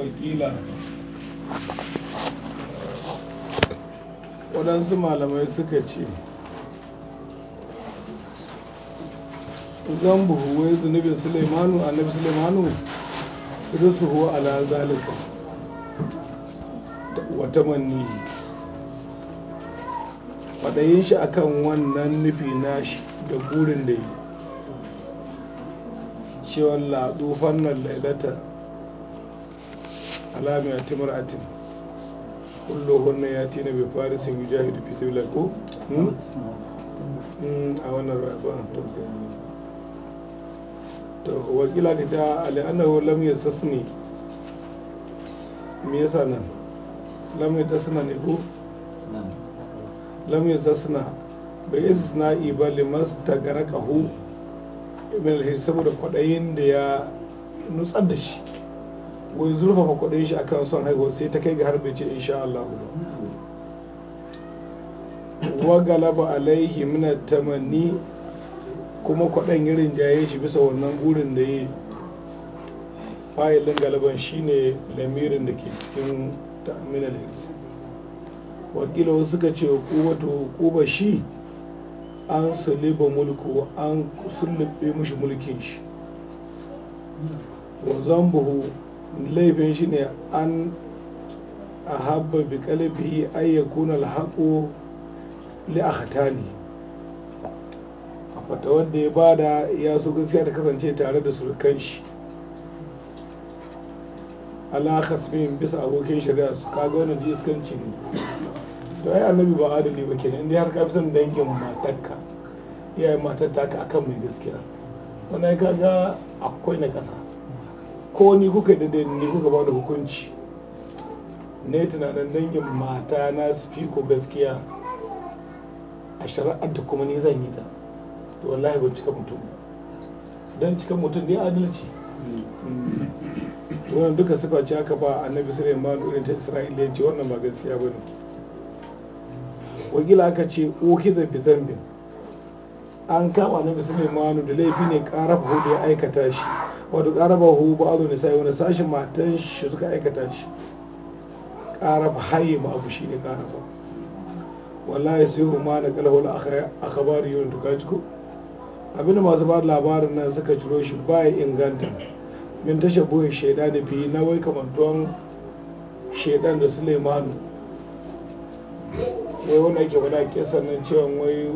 wakila waɗansu malamai suka ce Zan buhu wai zunubin suleimanu sulaimanu suleimanu huwa ala zalika wata manni faɗayin shi akan wannan nufi nashi da burin da yi cewa laɗu fannin lailatar على مئة امرأة كلهن يأتين بفارس يجاهد في سبيل الله a wannan rabon to wakila ka ta la'annahu lam yasasni me yasa nan lam yasasna ne ko lam yasasna bai isna iba limas ta garakahu ibn saboda kwadayin da ya nutsar da shi wai zurfafa kudin shi akan son haihuwa sai ta kai ga harbi ce insha Allah ba wa galaba alaihi mina tamanni kuma kwaɗan irin rinjaye shi bisa wannan gurin da yi fayilin galaban shine lamirin da ke cikin terminal wakila wasu suka ce kuma shi an suliba mulku an sulluɓe mushi mulkin shi wa zambuhu laifin shi ne an a habba bi kalabi kuna alhaƙo li a a wanda ya bada ya so gaskiya ta kasance tare da surukan shi ala bisa abokin shari'a su kaga wannan iskanci ne to ai annabi ba adali ba kenan inda har ka fi son dangin matarka iyayen matar taka akan mai gaskiya wannan kaga akwai na ƙasa ko ni kuka da ni kuka ba da hukunci ne tunanin dangin mata na su fi ko gaskiya a shari'ar da kuma ni zan yi ta to wallahi ban cika mutum don cika mutum ne adalci wannan duka suka ci aka ba annabi suleiman irin ta isra'ila ya ce wannan ba gaskiya ba ne wakila aka ce okiza fi an kama annabi manu da laifi ne ƙarar hudu ya aikata shi wato ƙarabahu ba'adu nisa'i wani sashin matan shi suka aikata shi karaba haye ma abu shi ne karaba wallahi sai huma na kalhul da yun ko. abin da masu ba labarin nan suka ciro shi baya inganta min tashar boye shaida da biyu na wai kamantuwan shaidan da suleimanu wai wanda yake wani kisan nan cewa wai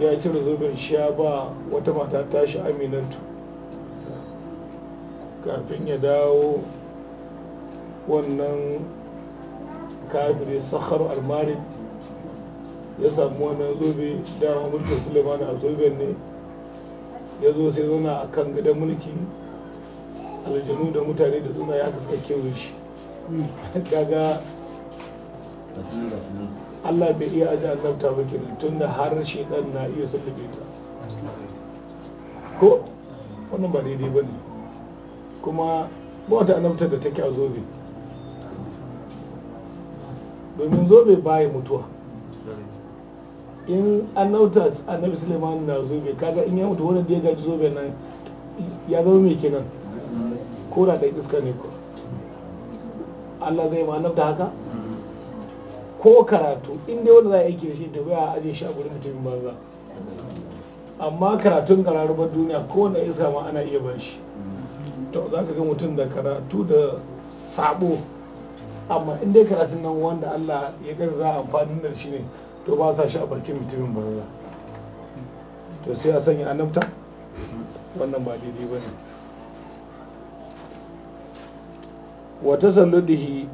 ya cire zubin shi ya ba wata mata tashi aminatu. kafin ya dawo wannan kafiri sakhar almarin ya samu wannan zobe dama mulkin suleiman a zoben ne ya zo sai zauna a kan gidan mulki aljanu da mutane da suna ya kasa kewaye shi Daga Allah bai iya aji annabta ba kenan tun da har shi dan na iya sullube ta ko wannan ba daidai ba ne kuma ba wata annabtar da take a zobe domin zobe baya mutuwa in annabta annabi suleiman na zobe kaga in ya mutu wani da ya gaji zobe nan ya zama mai kenan ko da iska ne ko Allah zai ma annabta haka ko karatu inda wanda za a aiki da shi ta baya aje shi a gurin mutumin banza amma karatun kararrabar duniya kowane iska ma ana iya ban shi to za ka ga mutum da karatu da sabo amma in dai karatun nan wanda Allah ya ga za amfani da shi ne to ba sa shi a barkin mutumin banza to sai a sanya annabta wannan ba daidai ba ne Wata tasalludihi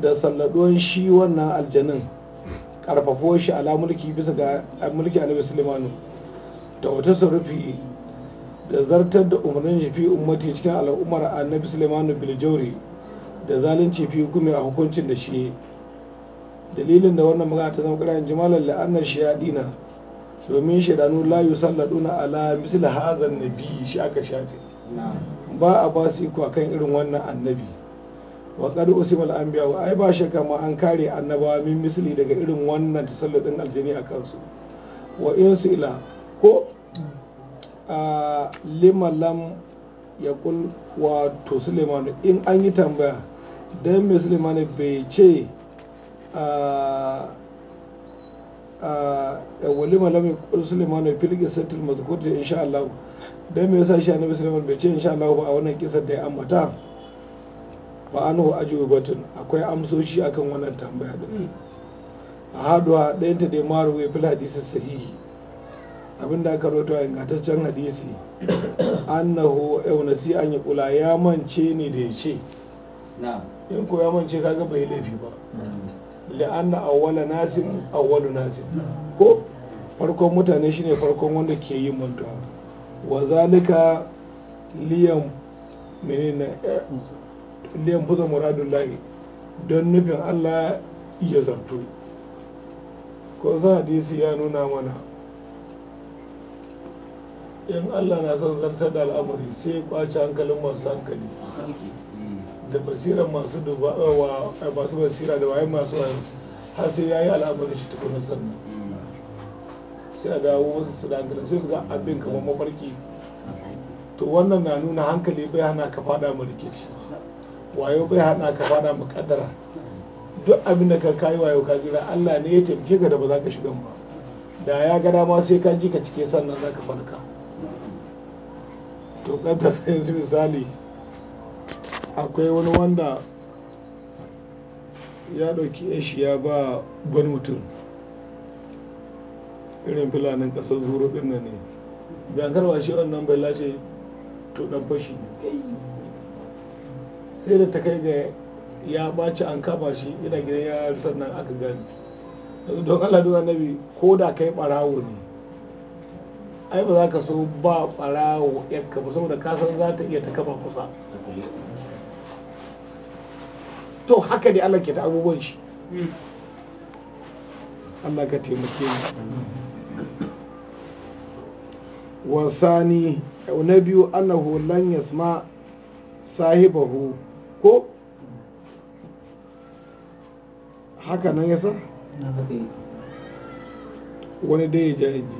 da salladon shi wannan aljanin karfafo shi ala mulki bisa ga mulki annabi Sulaiman ta wata surufi. da zartar da umarnin shafi fi cikin al'ummar annabi sulaimanu biljauri da zalunci fi hukumi a hukuncin da shi dalilin da wannan magana ta zama ƙarin jimalar la'annar yaɗina domin shaidanu la na ala misli hazan nabi shi aka shafe ba a ba su iko kan irin wannan annabi wa qad usima al anbiya wa ai ba shakka ma an kare annabawa min misli daga irin wannan tasalluɗin aljini a kansu wa insu ila ko limalam ya kul to sulemanu in an yi tambaya don mai sulemanu bai ce yawa limalam ya kul sulemanu ya filge sattil da insha Allah don mai sa shi annabi sulemanu bai ce insha Allah a wannan kisar da ya ambata ba an hu ajiyu batun akwai amsoshi akan wannan tambaya din a haduwa ɗayanta da ya maru ya fil hadisi sahihi Abin da aka roto a ingantaccen hadisi annahu yaunasi an yi kula ya mance ne da ya ce in ko ya mance kaga bai laifi ba la'anna awwala nasir awwalu nasir ko farkon mutane shine farkon wanda ke yin mantuwa wa zalika liyan menene liyan fuza muradun lahi don nufin Allah ya zartu ko za hadisi ya nuna mana in allah na son zartar da al'amari sai ya kwace hankalin masu hankali da basirar masu eh, eh, masu basira da wayan masu wayansu har sai ya yi al'amarin shi tukuna sannan sai a dawo wasu su dangana sai su ga abin kamar mafarki to wannan na nuna hankali bai hana ka fada mu rikici wayo bai hana ka fada mu kadara duk abin da ka kayi wayo ka jira Allah ne ya tafi ka da ba za ka shiga ba da ya ga dama sai ka ji ka cike sannan za ka farka to kaddara yanzu misali akwai wani wanda ya ɗauki shi ya ba wani mutum irin filanin ƙasar zuru ɗin nan ne bayan karba shi wannan bai lashe to ɗan fashi sai da ta kai ga ya ɓaci an kama shi ina gidan ya sannan aka gani don Allah na annabi ko da kai ɓarawo ne ai ba za ka so ba ɓarawo yakka ba saboda ka san za ta iya ta kafa kusa to haka ne Allah ke ta abubuwan shi Allah ka taimake ni wasani na biyu annahu lan yasma sahibahu ko haka nan yasa wani dai ya ji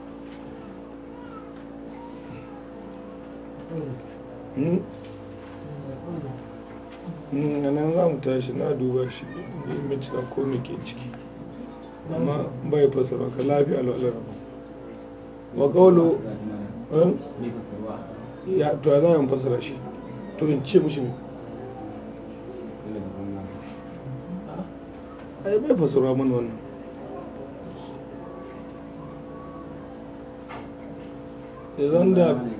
Hmm? Hmm, hmm, nan za mu tashi na duba shi ne bincika ko me ke ciki amma bai fasara ka lafi alwalar ba wa kaulu ya to ya zama fasara shi to in ce mishi ne ai bai fasara mana wannan zan da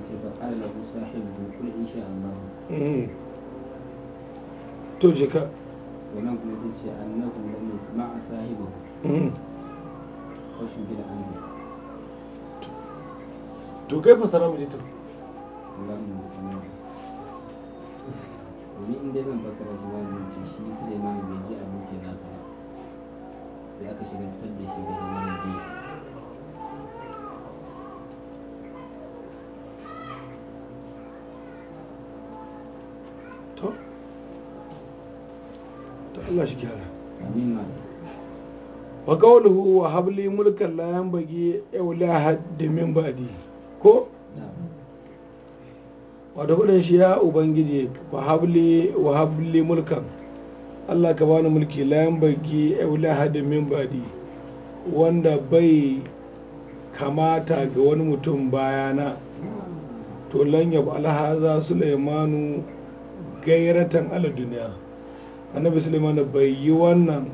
قال له صاحبه قل إن شاء الله to je ka wannan kuma ta ce annahu lam yasma sahibu washin bila an to kai inda zan fasara shi zan ce shi Suleiman bai ji abokin nasa sai ka shiga da shi daga nan jiya Allah shi gyara wa qawluhu wa habli mulkan la yanbaghi illa da min ba'di ko wato kudin shi ya ubangiji wa habli wa habli mulkan Allah ka bani mulki la yanbaghi illa da min ba'di wanda bai kamata ga wani mutum bayana to lan yabu alhaza sulaimanu gairatan ala duniya annabi suleiman bai yi wannan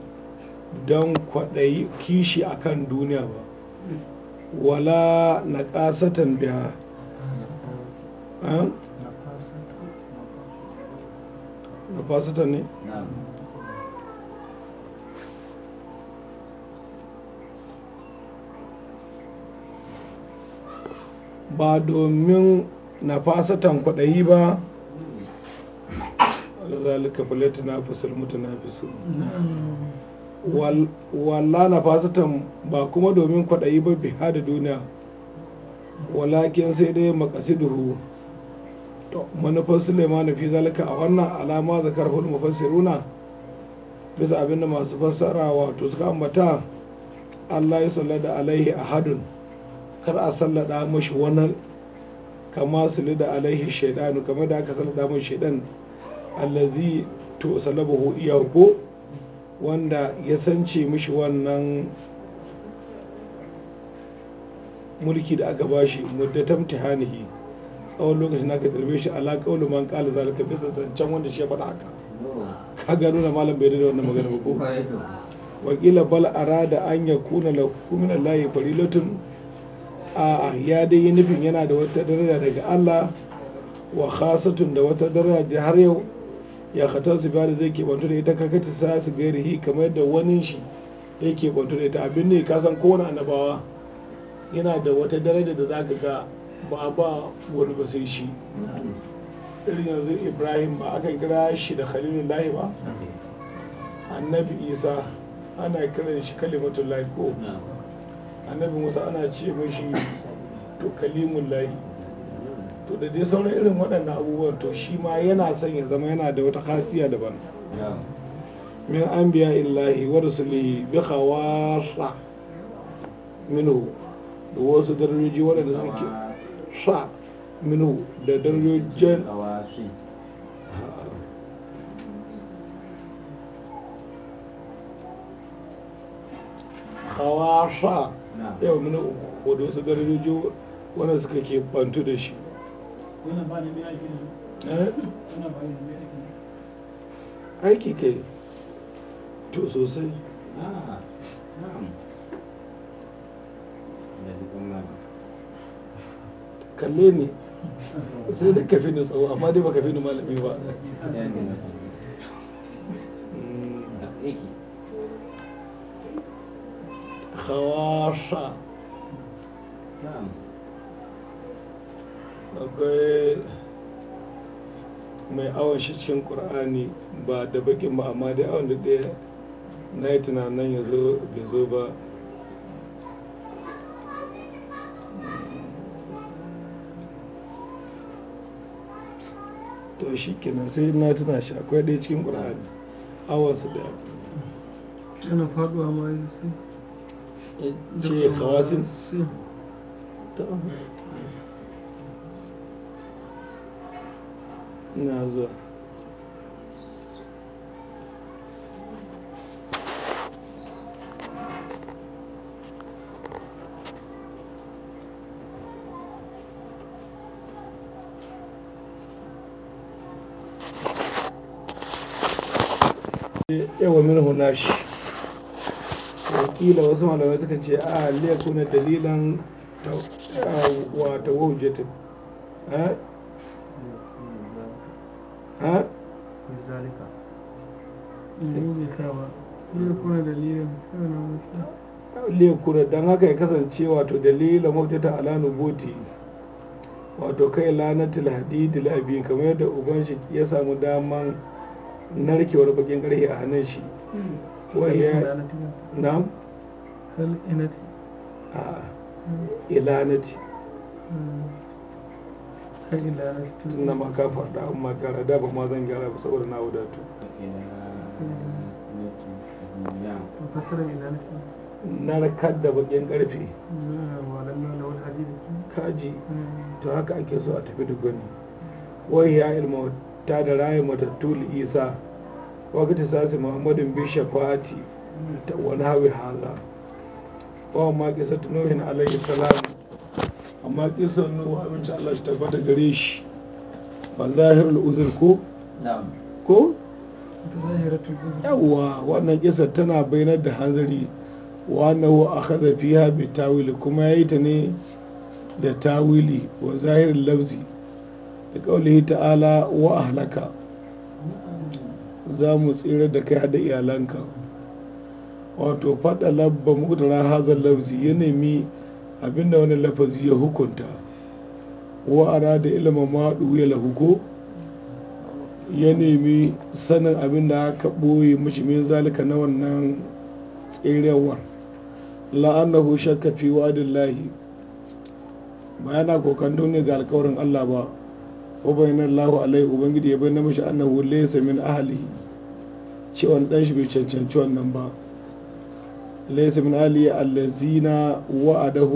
don kwaɗayi kishi a kan duniya ba wala na ƙasatan da na fasatan ne? ba domin na fasatan kwaɗayi ba zalika falatina fisu walla na fasatan ba kuma domin kwaɗayi ba biha da duniya walakin sai dai makasiduhu to manufar suleiman fi zalika a wannan alama zakar hulma fasiruna bisa abinda masu fassara wato suka ambata Allah ya da alaihi ahadun kar a sallada mashi wani kama su da alaihi shaidanu kamar da aka sallada mashi shaidanu allazi to salabahu wanda ya sance mishi wannan mulki da aka bashi muddatan tihanihi tsawon lokacin aka zarbe shi alaƙa kaulu man qala zalika bisa zancen wanda shi ya faɗa haka ka gano na malam bai da wannan magana ba ko wakila bal arada an kuna lahu min allahi farilatun a'a ya dai yi nufin yana da wata daraja daga Allah wa khasatun da wata daraja har yau ya khatar su bada zai ke kwanto da ita kaka ta sa su hi kamar yadda wani shi ke kwanto da ita abin ne kasan kowane annabawa yana da wata daraja da za ka ga ba a ba wani ba sai shi irin yanzu ibrahim ba aka kira shi da khalilullahi ba annabi isa ana kiran shi kalimatun layi, ko annabi musa ana ce mashi to kalimun layi. to da dai sauran irin waɗannan abubuwan to shi ma yana son ya zama yana da wata khasiya daban min anbiya illahi wa rusulihi bi khawarra minu da wasu darajoji waɗanda suke sa minu da darajojin khawasa yau minhu ko da wasu darajoji wanda suka ke bantu da shi aiki ke eh? to sosai ah, kalle ne sai da kafin ni tsawo amma dai ba kafin ni malami ba mm, khawasha na'am akwai mai awon shi cikin ƙur'ani ba da bakin ba amma dai awon da ɗaya na yi tunanin ya zo bai zo ba to shi kenan sai na tuna shi akwai ɗaya cikin ƙur'ani awon su ɗaya yana faɗuwa ma yi sai eh, ce hawasin ina zuwa yawa minhu nashi wakila wasu malamai suka ce a liya kuna dalilan wata eh, waujatin zalika liyakuna don haka ya kasance wato dalilin mautata ala nuboti wato kai lanatul hadidul abi kamar yadda uban shi ya samu daman narkewar bakin karhe a hannun shi hmm. a ilanati na ma ka faɗa an makara, da ba ma zan gyara ba saboda na wadatu na rakar da bakin karfe kaji to haka ake so a tafi duk gani wai ya ilma ta da rayu matattu isa wakati sasi muhammadin bisha kwati? ta wani hawi haza wa ma kisa tunohin alayhi salamu amma kisan nuhu abinci Allah shi da gare shi ba zahirul uzur ko ko yawwa wannan kisar tana bayanar da hanzari wannan a kaza fiha bi tawili kuma ya yi ta ne da tawili wa zahirin lafzi da kaulihi ta'ala wa ahlaka za mu tsira da kai hada iyalanka wato faɗa labba mudara hazan lafzi ya nemi abinda wani lafazi ya hukunta wa ara da ilimin maɗu ya lahuko ya nemi sanin abinda aka ɓoye mashi min zalika na wannan tserewar la'annahu shakka fi wa'adin lahi ba yana kokan ne ga alkawarin Allah ba ubayin lahu alai ubangiji ya bayyana mashi annahu laysa min ahlihi cewa dan shi bai cancanci wannan ba laysa min ali allazina وعده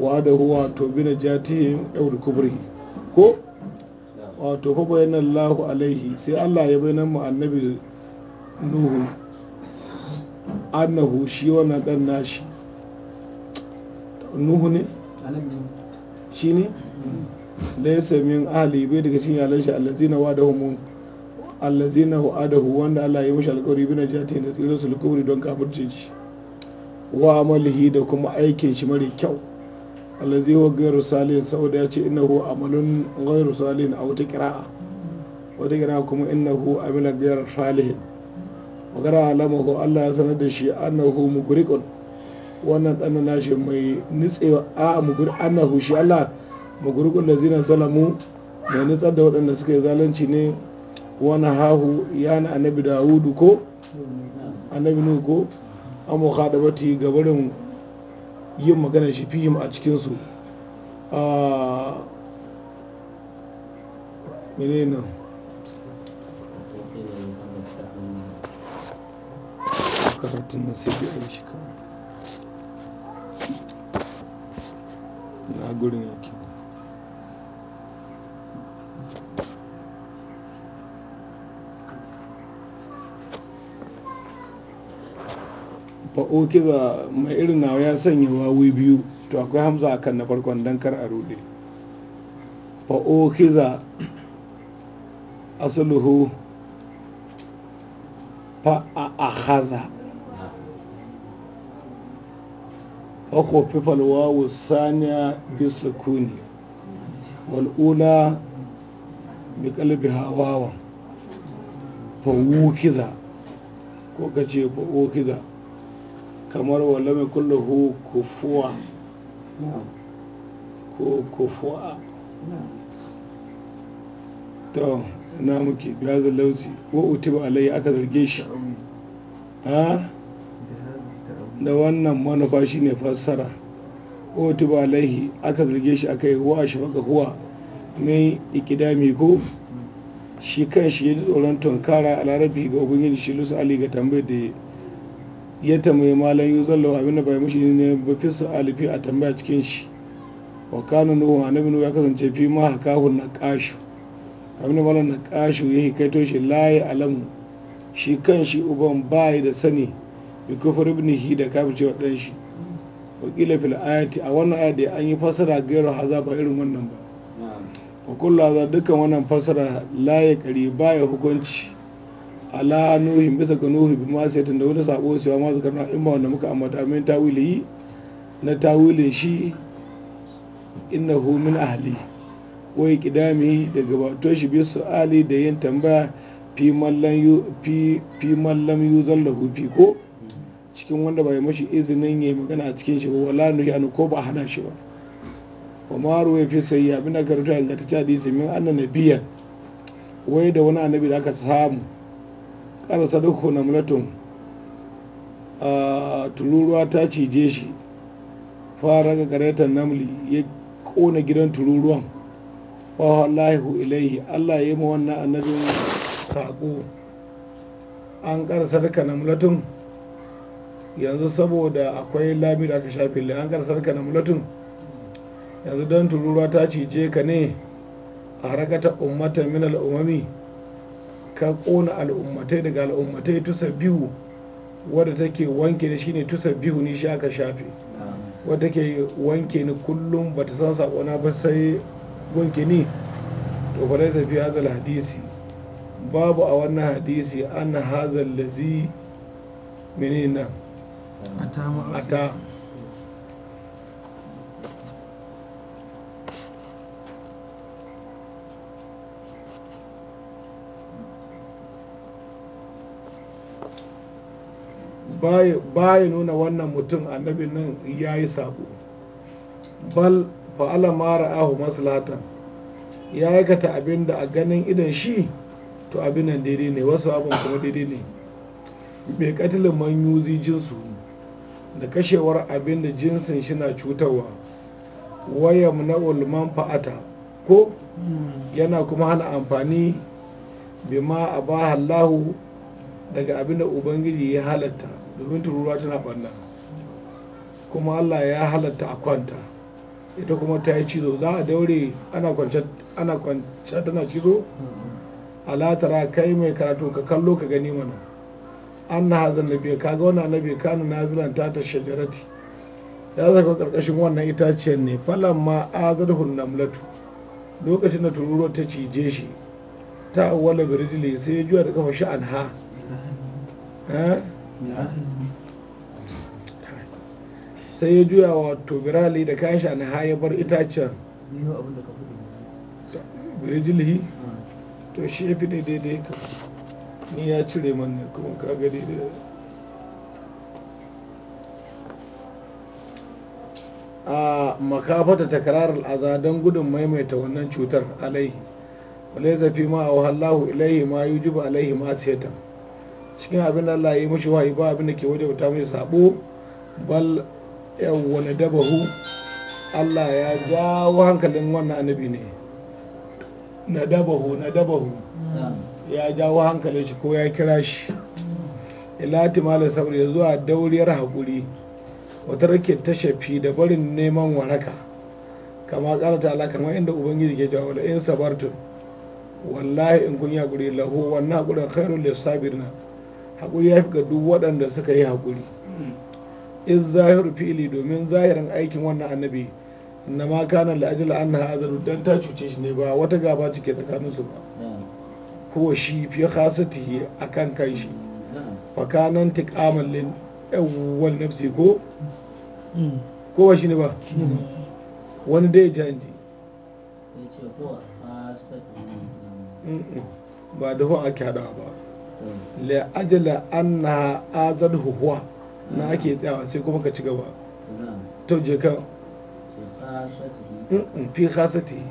وعده وعده bi najatihim aw kubri ko wato fa bayyana Allahu alaihi sai Allah ya bayyana mu annabi Nuhu annahu shi wannan dan nashi Nuhu ne shi ne laysa min ahli bai daga cikin yalan shi allazina wa'adahum allazina wa'adahu wanda Allah ya mishi alƙawari bi najatihim da tsirin su kubri don kafirce shi wa malihi da kuma aikin shi mara kyau allazi wa gairu salin saboda ya ce innahu amalin gairu salin a wata kira'a wata kira'a kuma innahu amila gairu salihin magana ko Allah ya sanar da shi hu mugriqun wannan dan nashi mai nitsewa a mugur hu shi Allah da zina salamu mai nitsar da waɗanda suka yi zalunci ne wani hahu yana annabi Dawudu ko annabi Nuhu ko an muka da bati ga barin yin magana shi fihim a cikinsu a mene nan na gurin yake fa'o kiza mai irin nawa ya sanya wawai biyu to akwai hamza akan na farkon don kar a rude fa'o kiza a fa'a'ahaza fako fifal wawu saniya kuni. wal'ula bi kalbi hawawa fa'o kiza ko ka ce fa'o kiza kamar walame hu kufuwa ko kufuwa to na muke bihazar lauci ko utiba alayya aka zarge shi ha da wannan manufa shi ne fassara Ko utiba alayhi aka zarge shi aka yi huwa shi faka huwa mai ikidami ko shi kan shi ya ji tsoron tunkara a larabi ga ubangiji shi lusa ali ga tambayar da ya tambayi malam yuzallahu abinda bai mushi ne ba fi alifi a tambaya cikin shi wa kana nuhu annabi nuhu ya kasance fi ma hakahu naqashu abinda malam kashu ya kaito shi layi alamu shi kan shi uban bayi da sani bi kufur ibnihi da kafin cewa dan shi wa fil ayati a wannan ayati an yi fasara gairu haza ba irin wannan ba wa kullu dukkan wannan fasara layi kari baya hukunci ala nuhin bisa ga nuhin bi ma sai da wani sabo sai ma zakarna in ba wanda muka ambata amin tawili na tawilin shi innahu min ahli wai kidami daga bato shi bi su'ali da yin tambaya fi mallan yu fi fi mallam fi ko cikin wanda bai mashi izinin yayi magana a cikin shi ba wala nuhi ko ba hana shi ba wa ma ruwa fi sayi abin da karuta ingantacce hadisi min annan biyan. wai da wani annabi da aka samu ƙara na mulatun a tururuwa ta cije shi fara ga karetar namli ya kona gidan tururuwan wa Allahu ilaihi Allah ya yi ma wannan annabin saƙo an ƙara sadaka na mulatun yanzu saboda akwai lami da aka shafi an ƙara sadaka na mulatun yanzu don tururuwa ta cije ka ne a harakata ummata umami umami ka ƙona al'ummatai daga al'ummatai tusa biyu wadda take wanke shi shine tusa biyu ne shi aka shafe wadda take wanke ni kullum bata san saƙona ba sai wanke ni to kwarai fi hazal hadisi babu a wannan hadisi an hazal lazi menene nan ata baya nuna wannan mutum annabin nan ya yi sabo bal fa'ala mara ahu maslatan ya aikata abin da a ganin idan shi to abin nan daidai ne wasu abin kuma daidai ne mai katilin manyuzi jinsu da kashewar abin da jinsin shi na cutarwa waya na ulman fa'ata ko yana kuma hana amfani bima a ba daga abin da ubangiji ya halatta domin tururuwa tana ɓanna kuma allah ya halatta a kwanta ita kuma ta yi cizo za a daure ana kwanciya tana cizo alatara kai mai karatu ka kallo ka gani mana an na hazan nabi ka ga wani annabi kanu ta ta shajarati ya zaka karkashin wannan itaciyar ne falan ma a zarhun namlatu lokacin da tururuwa ta cije shi ta wala biridili sai ya da kafa sha'an ha. Eh? sai ya juya wa tobirali da kayan sha na ya bar itacen bai jilhi to shi ya fi daidai ka ni ya cire manne kuma ka ga daidai a makafata takarar al'aza don gudun maimaita wannan cutar alaihi wale zafi ma a wahallahu ilaihi ma yujibu alaihi ma siyatan cikin abin da Allah ya yi mashi wahayi ba abin da ke wajen ta sabo bal wani dabahu Allah ya jawo hankalin wannan annabi ne na dabahu na dabahu ya jawo hankalin shi ko ya kira shi ila timalin sabri ya zuwa dauriyar haƙuri wata rake shafi da barin neman waraka kama ta kama kamar inda ubangiji ke jawo da in sabartun wallahi in kun yi haƙuri lahu wannan haƙurin khairun lissabirna haƙuri ya fi ga duk waɗanda suka yi haƙuri in zahiru fili domin zahirin aikin wannan annabi na ma kana la'ajila an na azaru don ta cuce shi ne ba wata gaba cike tsakaninsu ba ko shi fi khasatihi a kan kan shi fakanan tiƙaman lin yawwal nafsi ko hmm. ko ba shi ne ba wani dai janji ba da hon ake haɗawa ba le ajala anna azal huwa na hmm. ake tsayawa sai kuma ka ci gaba to je ka fi khasati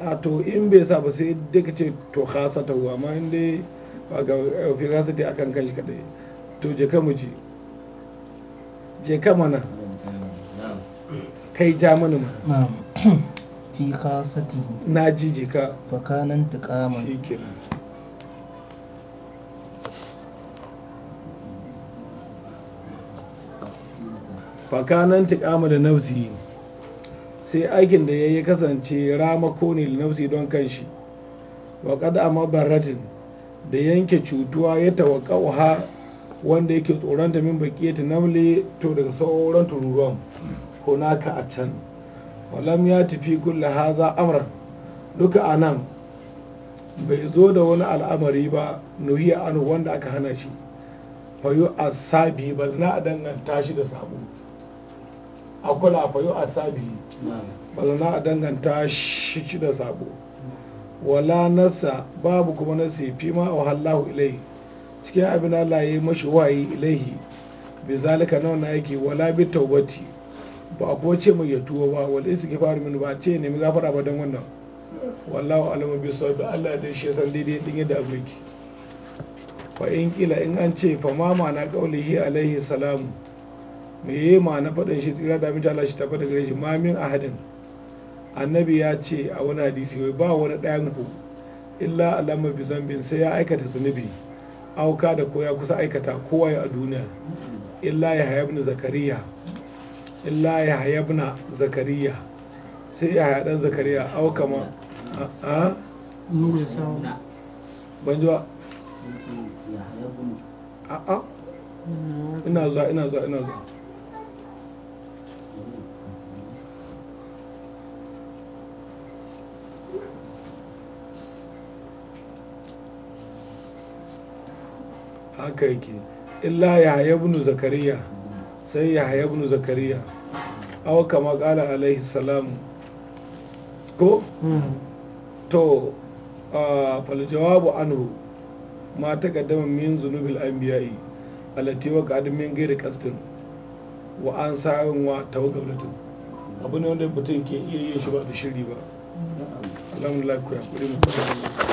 a to in bai sa ba sai duka ce to khasata amma in dai ba ga eh, fi khasati akan kan shi kadai to je ka muji je ka mana kai ja mana fi khasatihi na jijika fakanan tiqaman fakanan da nausi. sai aikin da ya yi kasance ramako ne da nausi don kanshi wa a amabaratin da yanke cutuwa ya tawaqqa'uha wanda yake tsoron ta min baqiyati namli to daga sauran tururuwan ko naka a can walam ya tafi kulle haza amran duka anan bai zo da wani al'amari ba nuhiya anu wanda aka hana shi fayo asabi bal na danganta shi da sabo a kula fayo asabi bal na danganta shi da sabo wala nasa babu kuma nasi fi ma a hallahu ilai cikin abin Allah ya yi mashi wayi ilaihi bi zalika na yake aiki wala bi taubati ba a kuma ce mai ya ba wal istighfar min ba ce nemi gafara ba don wannan wallahu alamu bi sabi Allah da shi san daidai din yadda abu yake fa in kila in an ce fa ma mana qaulihi alaihi salam me yi ma na faɗin shi tsira da miji Allah shi tafi daga shi ma min ahadin annabi ya ce a wani hadisi wai ba wani ɗayan ku illa alama bi zambin sai ya aikata zunubi auka da koya ya kusa aikata kowa ya a duniya illa ya hayabni zakariya illa ya hayabna zakariya sai ya haya dan zakariya au kama a ban ji ba a a ina zuwa ina zuwa ina zuwa haka yake illa ya hayabnu zakariya sai ya hayabnu zakariya awa kama kala alaihi salamu ko hmm. to a jawabu anhu ma ta taqaddama min zunubil anbiya'i allati waqa'at min ghairi kastin wa an sa'in wa tawagablatin abu ne wanda mutum ke iya yin shi ba da shiri ba alhamdulillah ku ya kuri mu